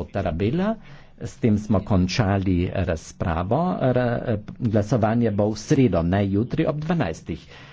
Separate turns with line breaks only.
gospod Tarabela. S tem smo končali razpravo. Eh, glasovanje bo v sredo, ne jutri ob 12.